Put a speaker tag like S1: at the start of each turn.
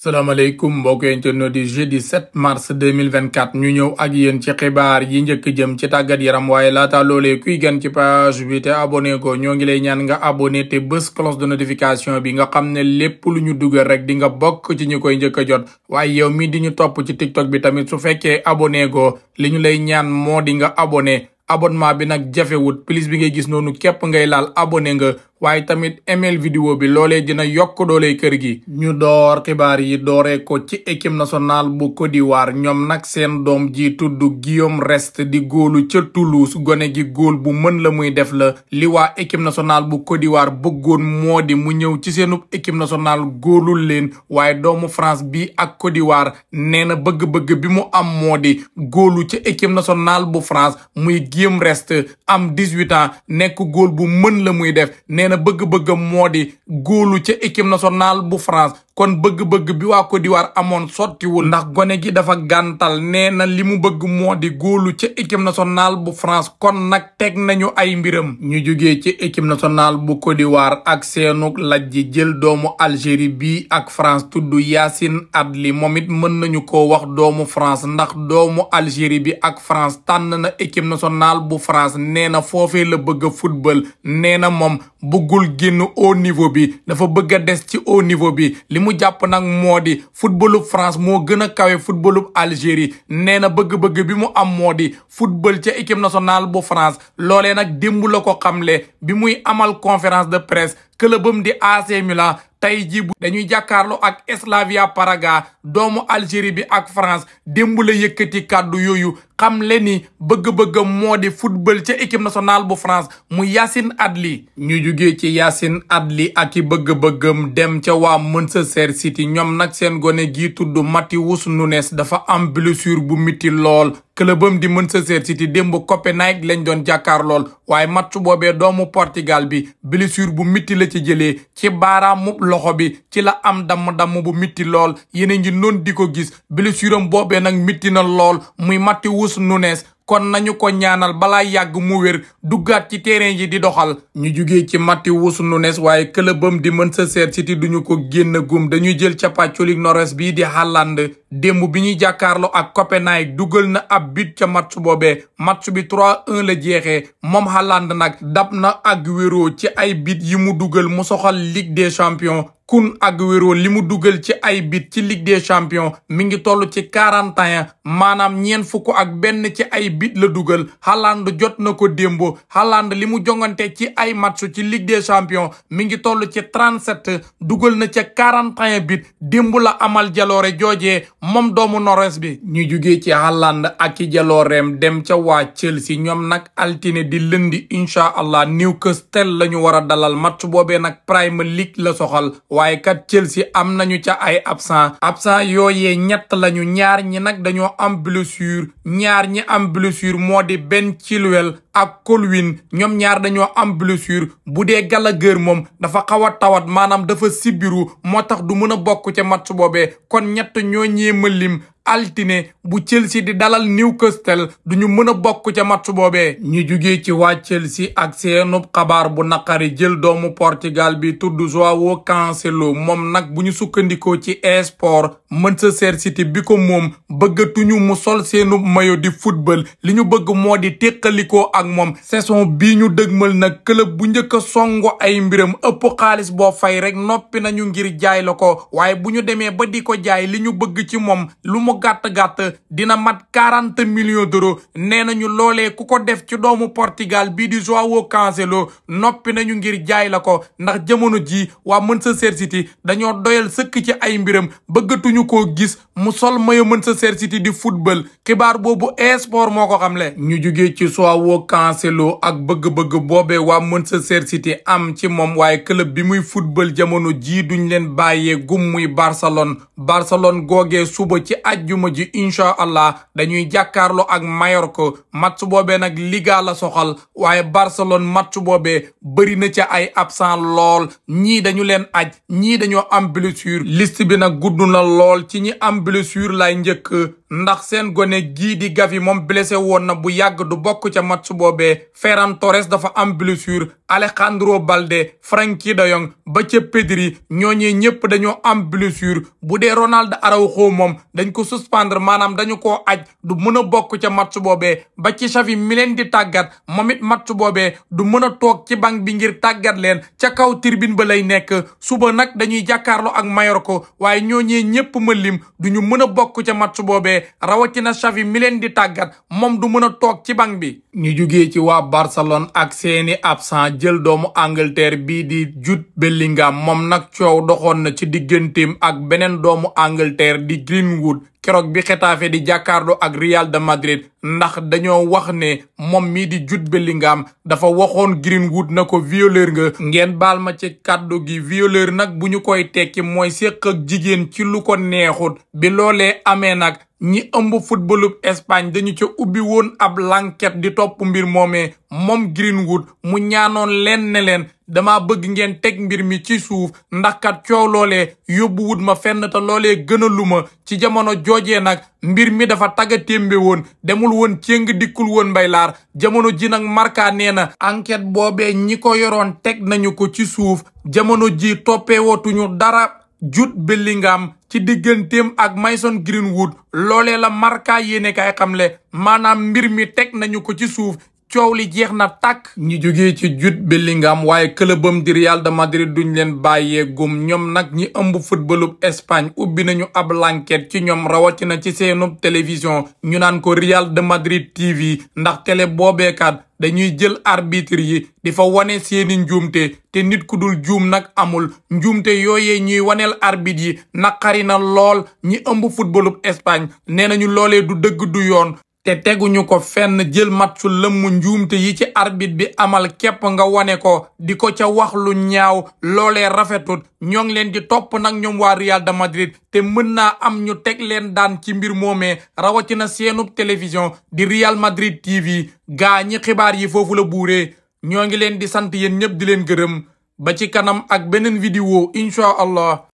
S1: salaamaaleykum mbokk internet di jeudi 7 mars 2024 ñu ñëw ak yéen ci xibaar yi njëkk jëm ci tàggat yaram waaye laata loolee kuy gan ci page bi te abonné ko ñoo ngi lay ñaan nga abonné te bés cloche de notification bi nga xam ne lépp lu ñu dugal rek di nga bokk ci ñu koy njëkk a jot waaye yow mi di ñu topp ci tiktok bi tamit su fekkee abonné ko li ñu lay ñaan moo di nga abonné abonnement bi nag jafewut plus bi ngay gis noonu képp ngay laal abonné nga waaye tamit email vidéo bi loolee dina yokk doole kër gi. ñu door xibaar yi dooree ko ci équipe nationale bu Côte d'Ivoire ñoom nag seen doom ji tudd Guillaume Rest di góolu ca Toulouse gone gi góol bu mën la muy def la liwaa équipe nationale bu Côte d'Ivoire bëggoon moo di mu ñëw ci seenu équipe nationale góolul leen waaye doomu France bi ak Côte d'Ivoire nee na bëgg-bëgg bi mu am moo di góolu ca équipe nationale bu France muy Guillaume Rest am 18 ans nekk góol bu mën la muy def na bëgg-bëggam moo di góolu ca équipe nationale bu France kon bëgg-bëgg bi waa Côte d'Ivoire amoon sottiwul ndax gone gi dafa gantal nee na li mu bëgg moo di góolu ca équipe nationale bu France kon nag teg nañu ay mbiram ñu jógee ci équipe nationale bu Côte d'Ivoire ak seenuk lajji jël doomu Algérie bi ak France tudd Yacine Adli moom it mën nañu ko wax doomu France ndax doomu Algérie bi ak France tànn na équipe nationale bu France nee na foofee la bëgg a football nee na moom bëggul génn au niveau bi dafa bëgg des ci au niveau bi mu jàpp nag moo di footballu France moo gën a kawe footballu Algérie nee na bëgg-bëgg bi mu am moo di football ca équipe nationale bu France loolee nag démb la ko xamle bi muy amal conférence de presse clubam di AC Milan tey ji dañuy jàkkaarloo ak Slavia Praga doomu Algérie bi ak France démb yëkkati kàddu yooyu xam le ni bëgg-bëgg moo di football ca équipe nationale bu France mu Yacine Adli ñuy jugee ci Yacine Adli ak i bëgg dem ca waa Manchester City ñoom nag seen gone gii tudd Matheus Nunes dafa am blessure bu miti lool clubam di mën Manchester City démb Copenhague lañ doon jàkkaar lool waaye match boobee doomu Portugal bi blessure bu mitti la ci jëlee ci baaraamu loxo bi ci la am damm-damm bu mitti lool yéen a ngi di ko gis blessure am boobee nag mitti na lool muy matti Matheus Nunes kon nañu ko ñaanal balaa yàgg mu wér duggaat ci terrain yi di doxal ñu jugee ci Matheus Nunes waaye clubam di mën Manchester City duñu ko génn gum dañuy jël capacoli nores bii di Haaland démb bi ñuy jàkkaarloo ak Copenhague dugal na ab bit ca match boobee match bi 3-1 la jeexee moom Haaland nag dab na Agüero ci ay bit yi mu dugal mu soxal Ligue des champions kun Agüero li mu dugal ci ay bit ci Ligue des champions mi ngi toll ci 41 maanaam ñeent fukk ak benn ci ay bit la dugal Haaland jot na ko démb Haaland li mu jongante ci ay match ci Ligue des champions mi ngi toll ci 37 dugal na ca 41 bit démb la amal jaloore joojee moom doomu Norvège bi ñu jugee ci Haaland ak ci jalooreem dem ca waa Chelsea ñoom nag altine di lëndi incha allah Newcastle la ñu war a dalal match boobee nag Premier League la soxal waaye kat Chelsea am nañu ca ay absent absent yooye ñett lañu ñaar ñi nag dañoo am blessure ñaar ñi am blessure moo di Ben Chilwell ak Colwyn ñoom ñaar dañoo am blessure bu dee Gallagher moom dafa xaw a tawat maanaam dafa sibiru moo tax du mën a bokk ca match boobee kon ñett ñoo ñee ma lim altine bu Chelsea di dalal Newcastle duñu mën a bokk ca match boobee ñu jugee ci waa Chelsea ak seenub xabaar bu naqari jël doomu Portugal bi tudd Joao Cancelo moom nag bu ñu sukkandikoo ci esport Manchester City bi ko moom bëggatuñu mu sol seenub mayo di football li ñu bëgg moo di teqaliko ak moom saison bii ñu dëgmal nag club bu njëkk a songo ay mbiram ëpp xaalis boo fay rek noppi nañu ngir jaay la ko waaye bu ñu demee ba di ko li ñu bëgg ci moom gàtt-gàtt dina mat quarante millions d'euros nee nañu loolee ku ko def ci doomu Portugal bii di João Cancelo noppi nañu ngir jaay la ko ndax jamono ji waa Manchester City dañoo doyal sëkk ci ay mbiram bëggatuñu ko gis mu sol mën Manchester City di football xibaar boobu esport moo ko xamle ñu jugee ci João Cancelo ak bëgg-bëgg boobe boobee mën Manchester City am ci moom waaye club bi muy football jamono ji duñ leen bàyyee gum muy Barcelone Barcelone googee suba ci aj ajjuma ji incha allah dañuy jàkkaarloo ak Mallorca match boobee nag ligala la soxal waaye Barcelone match boobee bëri na ca ay absent lool ñii dañu leen aj ñii dañoo am blessure liste bi nag gudd na lool ci ñi am blessure lay njëkk ndax seen gone gii di Gavi moom blessé woon na bu yàgg du bokk ca match boobee Ferran Torres dafa am blessure Alejandro Balde Frenkie de Jong ba ca Pedri ñooñee ñépp dañoo am blessure bu dee Ronald Araujo moom dañ ko suspendre maanaam dañu ko aj du mën a bokk ca match boobee ba ci Xavi mi leen di tàggat moom it match boobee du mën a toog ci banc bi ngir tàggat leen ca kaw tribune ba lay nekk suba nag dañuy jàkkaarloo ak Mallorca waaye ñooñee ñépp ma lim du ñu mën a bokk ca match boobee ne rawatina Xavi mi di tàggat moom du mën a toog ci bang bi ñu jugee ci waa Barcelone ak seeni absent jël doomu Angleterre bii di Jude bellingam moom nag coow doxoon na ci digganteem ak beneen doomu Angleterre di Greenwood keroog bi Xetafe di jàkkaarloo ak Real de Madrid ndax dañoo wax ne moom mii di Jude Bellingham dafa waxoon Greenwood na ko violeur nga ngeen baal ma ci kàddu gi violeur nag bu ñu koy tekki mooy séq ak jigéen ci lu ko neexut bi loolee amee nag ñi ëmb footballub Espagne dañu ca ubbi woon ab lanket di topp mbir moomee moom Greenwood mu ñaanoon leen ne leen dama bëgg ngeen teg mbir mi ci suuf ndax kat coow loolee yóbbu wut ma fenn te loolee gën a lu ma ci jamono joojee nag mbir mi dafa tagga témbe woon demul woon céng dikkul woon mbay laar jamono ji nag marka nee na enquête boobee ñi ko yoroon teg nañu ko ci suuf jamono ji toppee wootuñu dara Jude ngam ci digganteem ak Mason Greenwood loole la Marca yéene kay xamle maanaam mbir mi teg nañu ko ci suuf coow li jeex na tàkk ñi jógee ci Jude Bellingham waaye këlëbam di Real de Madrid ñu leen bàyyee gum ñoom nag ñi ëmb footballub Espagne ubbi nañu ab lanket ci ñoom rawatina ci seenub télévision ñu naan ko Real de Madrid TV ndax tele boobeekat dañuy jël arbitre yi di fa wane seeni njuumte te nit ku dul juum nag amul njuumte yooyee ñuy waneel arbit yi naqari na lool ñi ëmb footballu Espagne nee nañu loolee du dëgg du yoon te teguñu ko fenn jël matchu lëmmu njuumte yi ci arbitre bi amal képp nga wane ko di ko ca wax lu ñaaw loole rafetut ñoo ngi leen di topp nag ñoom waa Real de Madrid te mën naa am ñu teg leen daan ci mbir moomee rawatina seenub télévision di Real Madrid TV gaa ñi xibaar yi foofu la buuree ñoo ngi leen di sant yéen ñëpp di leen gërëm ba ci kanam ak beneen vidéo incha allah